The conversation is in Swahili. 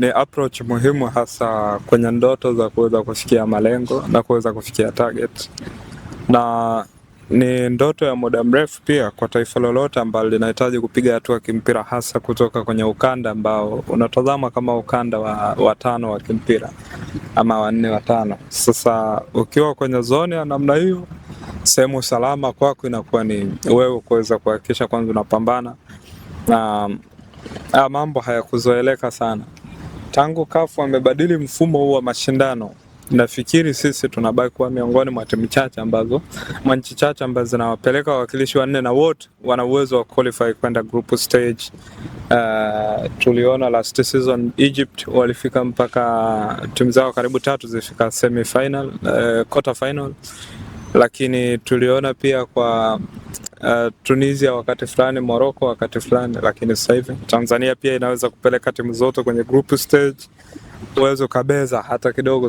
Ni approach muhimu hasa kwenye ndoto za kuweza kufikia malengo na kuweza kufikia target, na ni ndoto ya muda mrefu pia kwa taifa lolote ambalo linahitaji kupiga hatua kimpira, hasa kutoka kwenye ukanda ambao unatazama kama ukanda wa watano wa kimpira ama wanne watano. Sasa ukiwa kwenye zoni ya namna hiyo, sehemu salama kwako inakuwa ni wewe kuweza kuhakikisha kwanza unapambana na ah, mambo hayakuzoeleka sana tangu CAF amebadili mfumo huu wa mashindano, nafikiri sisi tunabaki kuwa miongoni mwa timu chache ambazo mwa nchi chache ambazo zinawapeleka wawakilishi wanne na wote wana uwezo wa qualify kwenda group stage. Uh, tuliona last season Egypt walifika mpaka timu zao karibu tatu zifika semi final, uh, quarter final, lakini tuliona pia kwa uh, Tunisia wakati fulani, Morocco wakati fulani, lakini sasa hivi Tanzania pia inaweza kupeleka timu zote kwenye group stage, uweze ukabeza hata kidogo.